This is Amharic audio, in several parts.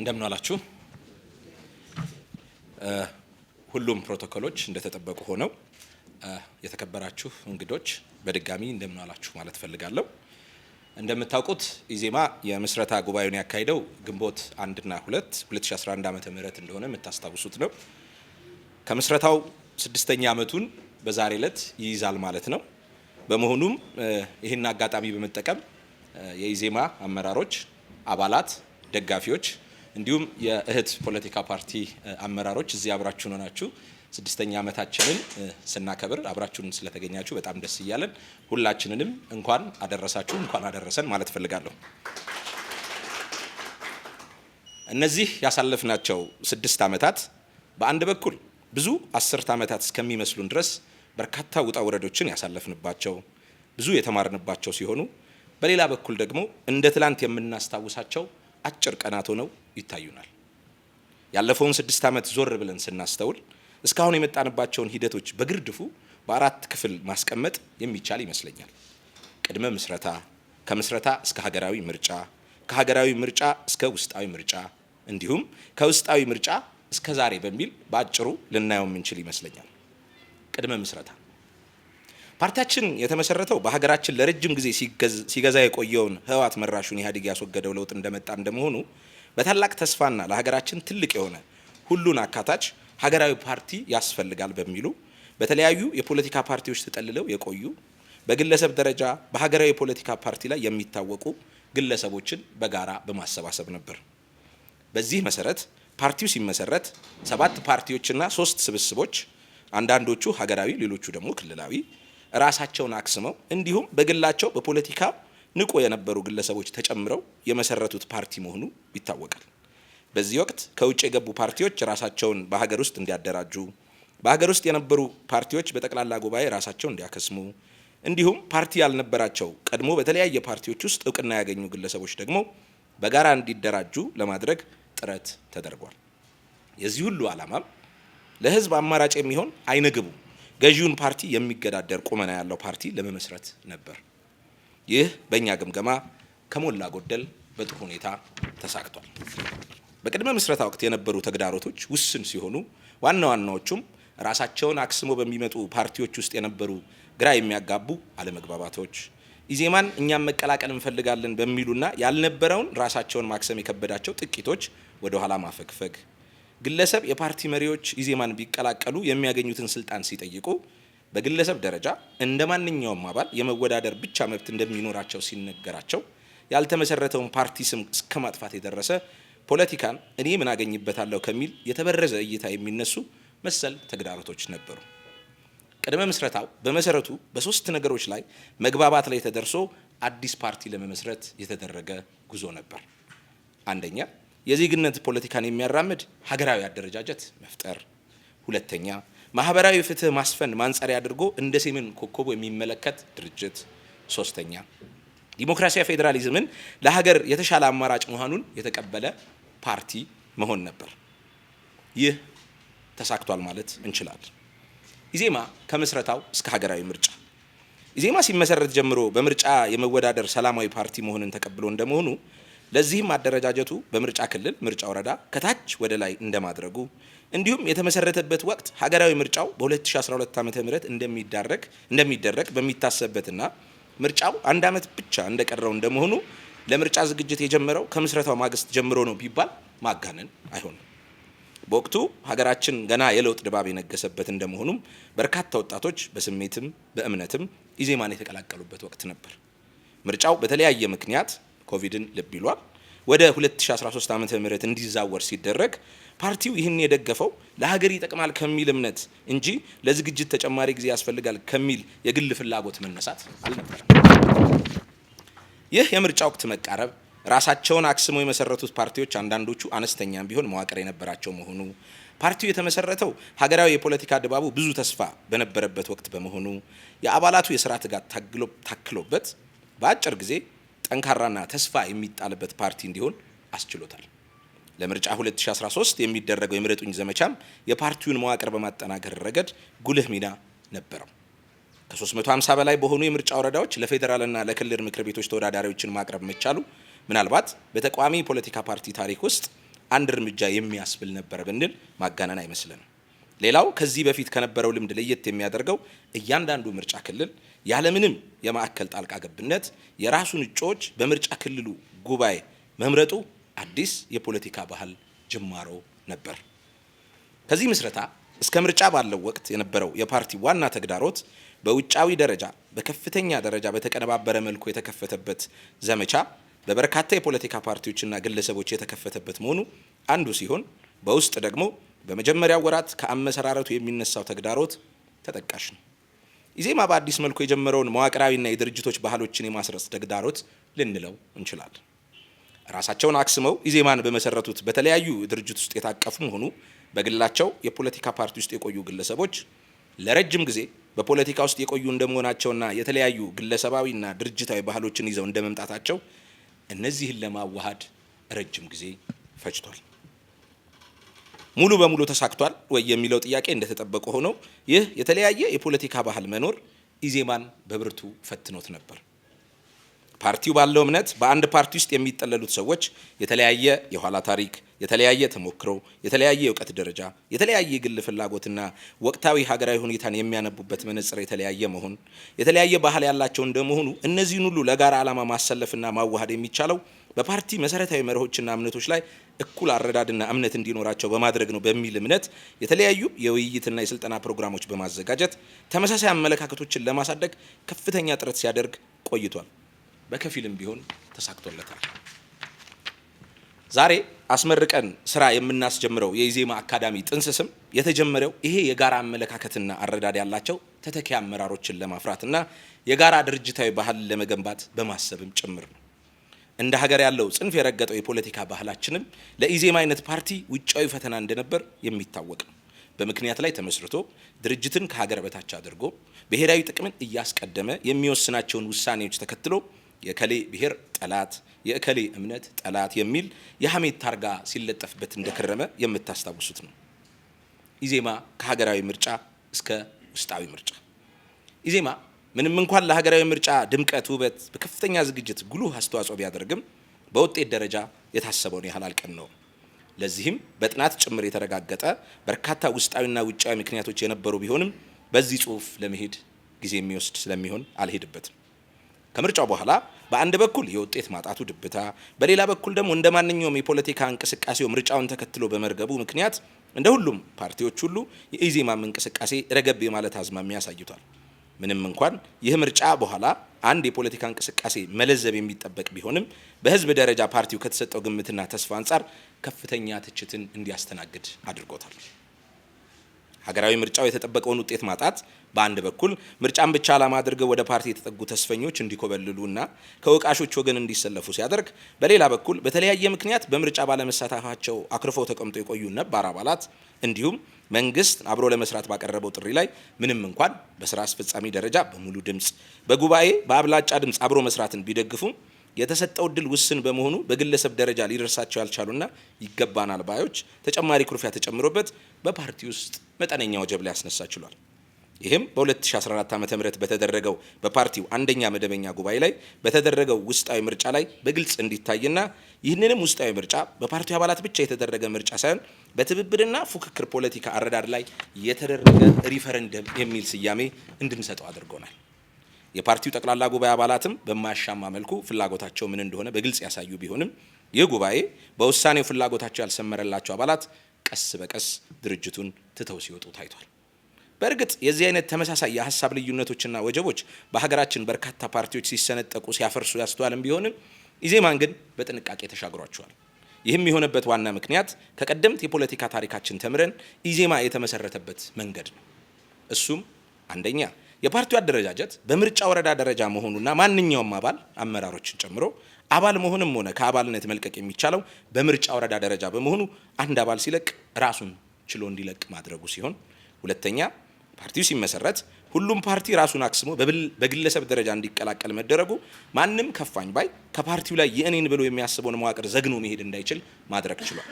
እንደምን አላችሁ። ሁሉም ፕሮቶኮሎች እንደተጠበቁ ሆነው የተከበራችሁ እንግዶች በድጋሚ እንደምን አላችሁ ማለት እፈልጋለሁ። እንደምታውቁት ኢዜማ የምስረታ ጉባኤውን ያካሄደው ግንቦት አንድና ሁለት 2011 ዓ ም እንደሆነ የምታስታውሱት ነው። ከምስረታው ስድስተኛ ዓመቱን በዛሬ ዕለት ይይዛል ማለት ነው። በመሆኑም ይህን አጋጣሚ በመጠቀም የኢዜማ አመራሮች፣ አባላት፣ ደጋፊዎች እንዲሁም የእህት ፖለቲካ ፓርቲ አመራሮች እዚህ አብራችሁን ሆናችሁ ስድስተኛ ዓመታችንን ስናከብር አብራችሁን ስለተገኛችሁ በጣም ደስ እያለን ሁላችንንም እንኳን አደረሳችሁ እንኳን አደረሰን ማለት እፈልጋለሁ። እነዚህ ያሳለፍናቸው ስድስት ዓመታት በአንድ በኩል ብዙ አስርት ዓመታት እስከሚመስሉን ድረስ በርካታ ውጣ ውረዶችን ያሳለፍንባቸው ብዙ የተማርንባቸው ሲሆኑ፣ በሌላ በኩል ደግሞ እንደ ትላንት የምናስታውሳቸው አጭር ቀናት ሆነው ይታዩናል። ያለፈውን ስድስት ዓመት ዞር ብለን ስናስተውል እስካሁን የመጣንባቸውን ሂደቶች በግርድፉ በአራት ክፍል ማስቀመጥ የሚቻል ይመስለኛል። ቅድመ ምስረታ፣ ከምስረታ እስከ ሀገራዊ ምርጫ፣ ከሀገራዊ ምርጫ እስከ ውስጣዊ ምርጫ እንዲሁም ከውስጣዊ ምርጫ እስከ ዛሬ በሚል በአጭሩ ልናየው የምንችል ይመስለኛል። ቅድመ ምስረታ ፓርቲያችን የተመሰረተው በሀገራችን ለረጅም ጊዜ ሲገዛ የቆየውን ህወሓት መራሹን ኢህአዴግ ያስወገደው ለውጥ እንደመጣ እንደመሆኑ በታላቅ ተስፋና ለሀገራችን ትልቅ የሆነ ሁሉን አካታች ሀገራዊ ፓርቲ ያስፈልጋል በሚሉ በተለያዩ የፖለቲካ ፓርቲዎች ተጠልለው የቆዩ በግለሰብ ደረጃ በሀገራዊ የፖለቲካ ፓርቲ ላይ የሚታወቁ ግለሰቦችን በጋራ በማሰባሰብ ነበር። በዚህ መሰረት ፓርቲው ሲመሰረት ሰባት ፓርቲዎችና ሶስት ስብስቦች አንዳንዶቹ ሀገራዊ፣ ሌሎቹ ደግሞ ክልላዊ ራሳቸውን አክስመው እንዲሁም በግላቸው በፖለቲካ ንቁ የነበሩ ግለሰቦች ተጨምረው የመሰረቱት ፓርቲ መሆኑ ይታወቃል። በዚህ ወቅት ከውጭ የገቡ ፓርቲዎች ራሳቸውን በሀገር ውስጥ እንዲያደራጁ፣ በሀገር ውስጥ የነበሩ ፓርቲዎች በጠቅላላ ጉባኤ ራሳቸውን እንዲያከስሙ፣ እንዲሁም ፓርቲ ያልነበራቸው ቀድሞ በተለያየ ፓርቲዎች ውስጥ እውቅና ያገኙ ግለሰቦች ደግሞ በጋራ እንዲደራጁ ለማድረግ ጥረት ተደርጓል። የዚህ ሁሉ ዓላማም ለህዝብ አማራጭ የሚሆን አይነግቡም። ገዢውን ፓርቲ የሚገዳደር ቁመና ያለው ፓርቲ ለመመስረት ነበር። ይህ በእኛ ግምገማ ከሞላ ጎደል በጥሩ ሁኔታ ተሳክቷል። በቅድመ ምስረታ ወቅት የነበሩ ተግዳሮቶች ውስን ሲሆኑ ዋና ዋናዎቹም ራሳቸውን አክስሞ በሚመጡ ፓርቲዎች ውስጥ የነበሩ ግራ የሚያጋቡ አለመግባባቶች፣ ኢዜማን እኛም መቀላቀል እንፈልጋለን በሚሉና ያልነበረውን ራሳቸውን ማክሰም የከበዳቸው ጥቂቶች ወደ ኋላ ማፈግፈግ ግለሰብ የፓርቲ መሪዎች ኢዜማን ቢቀላቀሉ የሚያገኙትን ስልጣን ሲጠይቁ በግለሰብ ደረጃ እንደ ማንኛውም አባል የመወዳደር ብቻ መብት እንደሚኖራቸው ሲነገራቸው ያልተመሰረተውን ፓርቲ ስም እስከ ማጥፋት የደረሰ ፖለቲካን እኔ ምን አገኝበታለሁ ከሚል የተበረዘ እይታ የሚነሱ መሰል ተግዳሮቶች ነበሩ። ቅድመ ምስረታው በመሰረቱ በሶስት ነገሮች ላይ መግባባት ላይ ተደርሶ አዲስ ፓርቲ ለመመስረት የተደረገ ጉዞ ነበር። አንደኛ የዜግነት ፖለቲካን የሚያራምድ ሀገራዊ አደረጃጀት መፍጠር፣ ሁለተኛ ማህበራዊ ፍትህ ማስፈን ማንጸሪያ አድርጎ እንደ ሰሜን ኮከቡ የሚመለከት ድርጅት፣ ሶስተኛ ዲሞክራሲያዊ ፌዴራሊዝምን ለሀገር የተሻለ አማራጭ መሆኑን የተቀበለ ፓርቲ መሆን ነበር። ይህ ተሳክቷል ማለት እንችላለን። ኢዜማ ከምስረታው እስከ ሀገራዊ ምርጫ ኢዜማ ሲመሰረት ጀምሮ በምርጫ የመወዳደር ሰላማዊ ፓርቲ መሆንን ተቀብሎ እንደመሆኑ ለዚህም አደረጃጀቱ በምርጫ ክልል፣ ምርጫ ወረዳ ከታች ወደ ላይ እንደማድረጉ እንዲሁም የተመሰረተበት ወቅት ሀገራዊ ምርጫው በ2012 ዓ.ም እንደሚዳረግ እንደሚደረግ በሚታሰብበትና ምርጫው አንድ ዓመት ብቻ እንደቀረው እንደመሆኑ ለምርጫ ዝግጅት የጀመረው ከምስረታው ማግስት ጀምሮ ነው ቢባል ማጋነን አይሆንም። በወቅቱ ሀገራችን ገና የለውጥ ድባብ የነገሰበት እንደመሆኑም በርካታ ወጣቶች በስሜትም በእምነትም ኢዜማን የተቀላቀሉበት ወቅት ነበር። ምርጫው በተለያየ ምክንያት ኮቪድን ልብ ይሏል ወደ 2013 ዓ ም እንዲዛወር ሲደረግ ፓርቲው ይህን የደገፈው ለሀገር ይጠቅማል ከሚል እምነት እንጂ ለዝግጅት ተጨማሪ ጊዜ ያስፈልጋል ከሚል የግል ፍላጎት መነሳት አልነበረም። ይህ የምርጫ ወቅት መቃረብ ራሳቸውን አክስመው የመሰረቱት ፓርቲዎች አንዳንዶቹ አነስተኛም ቢሆን መዋቅር የነበራቸው መሆኑ ፓርቲው የተመሰረተው ሀገራዊ የፖለቲካ ድባቡ ብዙ ተስፋ በነበረበት ወቅት በመሆኑ የአባላቱ የስራ ትጋት ታክሎበት በአጭር ጊዜ ጠንካራና ተስፋ የሚጣልበት ፓርቲ እንዲሆን አስችሎታል። ለምርጫ 2013 የሚደረገው የምረጡኝ ዘመቻም የፓርቲውን መዋቅር በማጠናከር ረገድ ጉልህ ሚና ነበረው። ከ350 በላይ በሆኑ የምርጫ ወረዳዎች ለፌዴራልና ለክልል ምክር ቤቶች ተወዳዳሪዎችን ማቅረብ መቻሉ ምናልባት በተቃዋሚ የፖለቲካ ፓርቲ ታሪክ ውስጥ አንድ እርምጃ የሚያስብል ነበር ብንል ማጋነን አይመስልንም። ሌላው ከዚህ በፊት ከነበረው ልምድ ለየት የሚያደርገው እያንዳንዱ ምርጫ ክልል ያለምንም የማዕከል ጣልቃ ገብነት የራሱን እጩዎች በምርጫ ክልሉ ጉባኤ መምረጡ አዲስ የፖለቲካ ባህል ጅማሮ ነበር። ከዚህ ምስረታ እስከ ምርጫ ባለው ወቅት የነበረው የፓርቲ ዋና ተግዳሮት በውጫዊ ደረጃ በከፍተኛ ደረጃ በተቀነባበረ መልኩ የተከፈተበት ዘመቻ በበርካታ የፖለቲካ ፓርቲዎችና ግለሰቦች የተከፈተበት መሆኑ አንዱ ሲሆን በውስጥ ደግሞ በመጀመሪያው ወራት ከአመሰራረቱ የሚነሳው ተግዳሮት ተጠቃሽ ነው። ኢዜማ በአዲስ መልኩ የጀመረውን መዋቅራዊና የድርጅቶች ባህሎችን የማስረጽ ተግዳሮት ልንለው እንችላለን። ራሳቸውን አክስመው ኢዜማን በመሰረቱት በተለያዩ ድርጅት ውስጥ የታቀፉ መሆኑ በግላቸው የፖለቲካ ፓርቲ ውስጥ የቆዩ ግለሰቦች ለረጅም ጊዜ በፖለቲካ ውስጥ የቆዩ እንደመሆናቸውና የተለያዩ ግለሰባዊና ድርጅታዊ ባህሎችን ይዘው እንደመምጣታቸው እነዚህን ለማዋሃድ ረጅም ጊዜ ፈጅቷል። ሙሉ በሙሉ ተሳክቷል ወይ የሚለው ጥያቄ እንደተጠበቀ ሆኖ ይህ የተለያየ የፖለቲካ ባህል መኖር ኢዜማን በብርቱ ፈትኖት ነበር። ፓርቲው ባለው እምነት በአንድ ፓርቲ ውስጥ የሚጠለሉት ሰዎች የተለያየ የኋላ ታሪክ፣ የተለያየ ተሞክሮ፣ የተለያየ የእውቀት ደረጃ፣ የተለያየ የግል ፍላጎትና ወቅታዊ ሀገራዊ ሁኔታን የሚያነቡበት መነጽር የተለያየ መሆን፣ የተለያየ ባህል ያላቸው እንደመሆኑ እነዚህን ሁሉ ለጋራ ዓላማ ማሰለፍና ማዋሃድ የሚቻለው በፓርቲ መሰረታዊ መርሆችና እምነቶች ላይ እኩል አረዳድና እምነት እንዲኖራቸው በማድረግ ነው በሚል እምነት የተለያዩ የውይይትና የስልጠና ፕሮግራሞች በማዘጋጀት ተመሳሳይ አመለካከቶችን ለማሳደግ ከፍተኛ ጥረት ሲያደርግ ቆይቷል። በከፊልም ቢሆን ተሳክቶለታል። ዛሬ አስመርቀን ስራ የምናስጀምረው የኢዜማ አካዳሚ ጥንስስም የተጀመረው ይሄ የጋራ አመለካከትና አረዳድ ያላቸው ተተኪ አመራሮችን ለማፍራትና የጋራ ድርጅታዊ ባህል ለመገንባት በማሰብም ጭምር ነው። እንደ ሀገር ያለው ጽንፍ የረገጠው የፖለቲካ ባህላችንም ለኢዜማ አይነት ፓርቲ ውጫዊ ፈተና እንደነበር የሚታወቅ ነው። በምክንያት ላይ ተመስርቶ ድርጅትን ከሀገር በታች አድርጎ ብሔራዊ ጥቅምን እያስቀደመ የሚወስናቸውን ውሳኔዎች ተከትሎ የእከሌ ብሔር ጠላት፣ የእከሌ እምነት ጠላት የሚል የሐሜት ታርጋ ሲለጠፍበት እንደከረመ የምታስታውሱት ነው። ኢዜማ ከሀገራዊ ምርጫ እስከ ውስጣዊ ምርጫ ኢዜማ ምንም እንኳን ለሀገራዊ ምርጫ ድምቀት፣ ውበት በከፍተኛ ዝግጅት ጉልህ አስተዋጽኦ ቢያደርግም በውጤት ደረጃ የታሰበውን ያህል ነው ለዚህም በጥናት ጭምር የተረጋገጠ በርካታ ውስጣዊና ውጫዊ ምክንያቶች የነበሩ ቢሆንም በዚህ ጽሁፍ ለመሄድ ጊዜ የሚወስድ ስለሚሆን አልሄድበትም። ከምርጫው በኋላ በአንድ በኩል የውጤት ማጣቱ ድብታ፣ በሌላ በኩል ደግሞ እንደ ማንኛውም የፖለቲካ እንቅስቃሴው ምርጫውን ተከትሎ በመርገቡ ምክንያት እንደ ሁሉም ፓርቲዎች ሁሉ የኢዜማም እንቅስቃሴ ረገብ የማለት አዝማሚያ አሳይቷል። ምንም እንኳን ይህ ምርጫ በኋላ አንድ የፖለቲካ እንቅስቃሴ መለዘብ የሚጠበቅ ቢሆንም በህዝብ ደረጃ ፓርቲው ከተሰጠው ግምትና ተስፋ አንጻር ከፍተኛ ትችትን እንዲያስተናግድ አድርጎታል። ሀገራዊ ምርጫው የተጠበቀውን ውጤት ማጣት በአንድ በኩል ምርጫን ብቻ ዓላማ አድርገው ወደ ፓርቲ የተጠጉ ተስፈኞች እንዲኮበልሉና ከወቃሾች ወገን እንዲሰለፉ ሲያደርግ፣ በሌላ በኩል በተለያየ ምክንያት በምርጫ ባለመሳተፋቸው አክርፈው ተቀምጦ የቆዩ ነባር አባላት እንዲሁም መንግስት አብሮ ለመስራት ባቀረበው ጥሪ ላይ ምንም እንኳን በስራ አስፈጻሚ ደረጃ በሙሉ ድምፅ በጉባኤ በአብላጫ ድምፅ አብሮ መስራትን ቢደግፉ የተሰጠው እድል ውስን በመሆኑ በግለሰብ ደረጃ ሊደርሳቸው ያልቻሉና ይገባናል ባዮች ተጨማሪ ኩርፊያ ተጨምሮበት በፓርቲ ውስጥ መጠነኛ ወጀብ ላይ ያስነሳ ችሏል። ይህም በ2014 ዓ ም በተደረገው በፓርቲው አንደኛ መደበኛ ጉባኤ ላይ በተደረገው ውስጣዊ ምርጫ ላይ በግልጽ እንዲታይና ይህንንም ውስጣዊ ምርጫ በፓርቲው አባላት ብቻ የተደረገ ምርጫ ሳይሆን በትብብርና ፉክክር ፖለቲካ አረዳድ ላይ የተደረገ ሪፈረንደም የሚል ስያሜ እንድንሰጠው አድርጎናል። የፓርቲው ጠቅላላ ጉባኤ አባላትም በማያሻማ መልኩ ፍላጎታቸው ምን እንደሆነ በግልጽ ያሳዩ ቢሆንም ይህ ጉባኤ በውሳኔው ፍላጎታቸው ያልሰመረላቸው አባላት ቀስ በቀስ ድርጅቱን ትተው ሲወጡ ታይቷል። በእርግጥ የዚህ አይነት ተመሳሳይ የሀሳብ ልዩነቶችና ወጀቦች በሀገራችን በርካታ ፓርቲዎች ሲሰነጠቁ ሲያፈርሱ ያስተዋልም ቢሆንም ኢዜማን ግን በጥንቃቄ ተሻግሯቸዋል። ይህም የሆነበት ዋና ምክንያት ከቀደምት የፖለቲካ ታሪካችን ተምረን ኢዜማ የተመሰረተበት መንገድ ነው። እሱም አንደኛ የፓርቲው አደረጃጀት በምርጫ ወረዳ ደረጃ መሆኑና ማንኛውም አባል አመራሮችን ጨምሮ አባል መሆንም ሆነ ከአባልነት መልቀቅ የሚቻለው በምርጫ ወረዳ ደረጃ በመሆኑ አንድ አባል ሲለቅ ራሱን ችሎ እንዲለቅ ማድረጉ ሲሆን፣ ሁለተኛ ፓርቲው ሲመሰረት ሁሉም ፓርቲ ራሱን አክስሞ በግለሰብ ደረጃ እንዲቀላቀል መደረጉ ማንም ከፋኝ ባይ ከፓርቲው ላይ የእኔን ብሎ የሚያስበውን መዋቅር ዘግኖ መሄድ እንዳይችል ማድረግ ችሏል።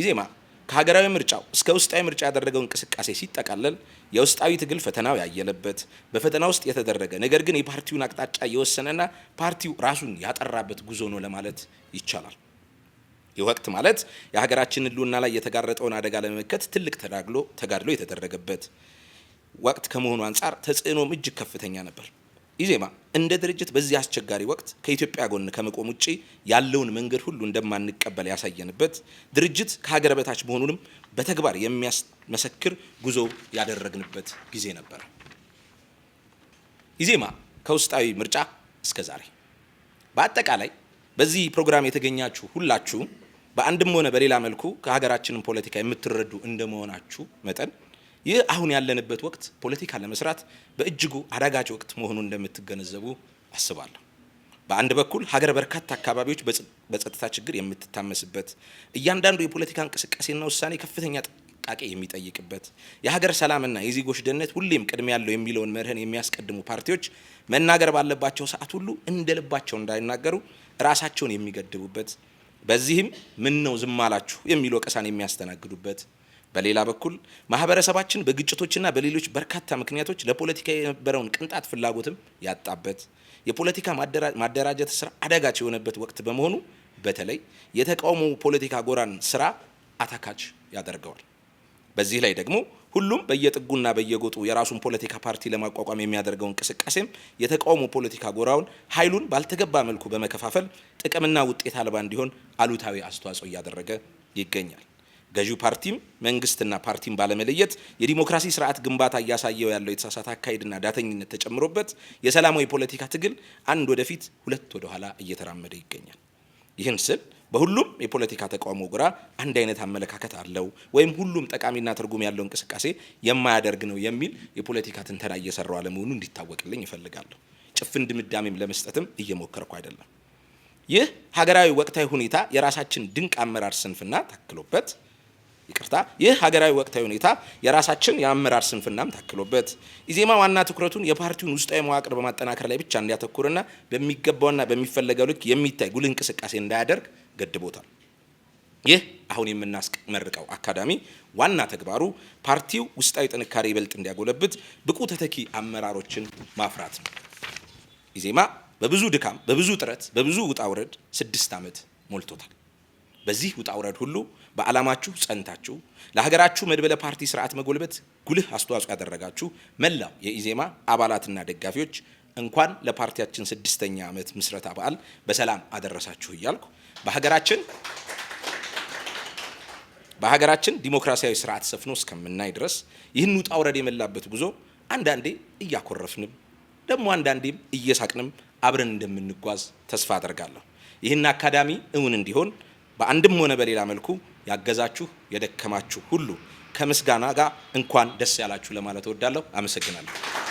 ኢዜማ ከሀገራዊ ምርጫው እስከ ውስጣዊ ምርጫ ያደረገው እንቅስቃሴ ሲጠቃለል የውስጣዊ ትግል ፈተናው ያየለበት በፈተና ውስጥ የተደረገ ነገር ግን የፓርቲውን አቅጣጫ የወሰነና ፓርቲው ራሱን ያጠራበት ጉዞ ነው ለማለት ይቻላል። ይህ ወቅት ማለት የሀገራችን ህልውና ላይ የተጋረጠውን አደጋ ለመመከት ትልቅ ተጋድሎ የተደረገበት ወቅት ከመሆኑ አንጻር ተጽዕኖም እጅግ ከፍተኛ ነበር። ኢዜማ እንደ ድርጅት በዚህ አስቸጋሪ ወቅት ከኢትዮጵያ ጎን ከመቆም ውጭ ያለውን መንገድ ሁሉ እንደማንቀበል ያሳየንበት ድርጅት ከሀገር በታች መሆኑንም በተግባር የሚያስመሰክር ጉዞ ያደረግንበት ጊዜ ነበር። ኢዜማ ከውስጣዊ ምርጫ እስከ ዛሬ በአጠቃላይ በዚህ ፕሮግራም የተገኛችሁ ሁላችሁ በአንድም ሆነ በሌላ መልኩ ከሀገራችንም ፖለቲካ የምትረዱ እንደመሆናችሁ መጠን ይህ አሁን ያለንበት ወቅት ፖለቲካ ለመስራት በእጅጉ አዳጋጅ ወቅት መሆኑን እንደምትገነዘቡ አስባለሁ። በአንድ በኩል ሀገር በርካታ አካባቢዎች በጸጥታ ችግር የምትታመስበት፣ እያንዳንዱ የፖለቲካ እንቅስቃሴና ውሳኔ ከፍተኛ ጥንቃቄ የሚጠይቅበት፣ የሀገር ሰላምና የዜጎች ደህንነት ሁሌም ቅድሚያ ያለው የሚለውን መርህን የሚያስቀድሙ ፓርቲዎች መናገር ባለባቸው ሰዓት ሁሉ እንደ ልባቸው እንዳይናገሩ ራሳቸውን የሚገድቡበት፣ በዚህም ምን ነው ዝም አላችሁ የሚል ወቀሳን የሚያስተናግዱበት በሌላ በኩል ማህበረሰባችን በግጭቶችና በሌሎች በርካታ ምክንያቶች ለፖለቲካ የነበረውን ቅንጣት ፍላጎትም ያጣበት የፖለቲካ ማደራጀት ስራ አዳጋች የሆነበት ወቅት በመሆኑ በተለይ የተቃውሞ ፖለቲካ ጎራን ስራ አታካች ያደርገዋል። በዚህ ላይ ደግሞ ሁሉም በየጥጉና በየጎጡ የራሱን ፖለቲካ ፓርቲ ለማቋቋም የሚያደርገው እንቅስቃሴም የተቃውሞ ፖለቲካ ጎራውን ኃይሉን ባልተገባ መልኩ በመከፋፈል ጥቅምና ውጤት አልባ እንዲሆን አሉታዊ አስተዋጽኦ እያደረገ ይገኛል። ገዢው ፓርቲም መንግስትና ፓርቲም ባለመለየት የዲሞክራሲ ስርዓት ግንባታ እያሳየው ያለው የተሳሳተ አካሄድና ዳተኝነት ተጨምሮበት የሰላማዊ ፖለቲካ ትግል አንድ ወደፊት ሁለት ወደኋላ እየተራመደ ይገኛል። ይህን ስል በሁሉም የፖለቲካ ተቃውሞ ጎራ አንድ አይነት አመለካከት አለው ወይም ሁሉም ጠቃሚና ትርጉም ያለው እንቅስቃሴ የማያደርግ ነው የሚል የፖለቲካ ትንተና እየሰራው አለመሆኑ እንዲታወቅልኝ ይፈልጋለሁ። ጭፍን ድምዳሜም ለመስጠትም እየሞከርኩ አይደለም። ይህ ሀገራዊ ወቅታዊ ሁኔታ የራሳችን ድንቅ አመራር ስንፍና ታክሎበት ይቅርታ። ይህ ሀገራዊ ወቅታዊ ሁኔታ የራሳችን የአመራር ስንፍናም ታክሎበት ኢዜማ ዋና ትኩረቱን የፓርቲውን ውስጣዊ መዋቅር በማጠናከር ላይ ብቻ እንዲያተኩርና በሚገባውና በሚፈለገው ልክ የሚታይ ጉል እንቅስቃሴ እንዳያደርግ ገድቦታል። ይህ አሁን የምናስመርቀው አካዳሚ ዋና ተግባሩ ፓርቲው ውስጣዊ ጥንካሬ ይበልጥ እንዲያጎለብት ብቁ ተተኪ አመራሮችን ማፍራት ነው። ኢዜማ በብዙ ድካም፣ በብዙ ጥረት፣ በብዙ ውጣ ውረድ ስድስት ዓመት ሞልቶታል። በዚህ ውጣ ውረድ ሁሉ በዓላማችሁ ጸንታችሁ ለሀገራችሁ መድበለ ፓርቲ ስርዓት መጎልበት ጉልህ አስተዋጽኦ ያደረጋችሁ መላው የኢዜማ አባላትና ደጋፊዎች እንኳን ለፓርቲያችን ስድስተኛ ዓመት ምስረታ በዓል በሰላም አደረሳችሁ እያልኩ በሀገራችን በሀገራችን ዲሞክራሲያዊ ስርዓት ሰፍኖ እስከምናይ ድረስ ይህን ውጣ ውረድ የመላበት ጉዞ አንዳንዴ እያኮረፍንም ደግሞ አንዳንዴም እየሳቅንም አብረን እንደምንጓዝ ተስፋ አደርጋለሁ። ይህን አካዳሚ እውን እንዲሆን በአንድም ሆነ በሌላ መልኩ ያገዛችሁ የደከማችሁ ሁሉ ከምስጋና ጋር እንኳን ደስ ያላችሁ ለማለት እወዳለሁ። አመሰግናለሁ።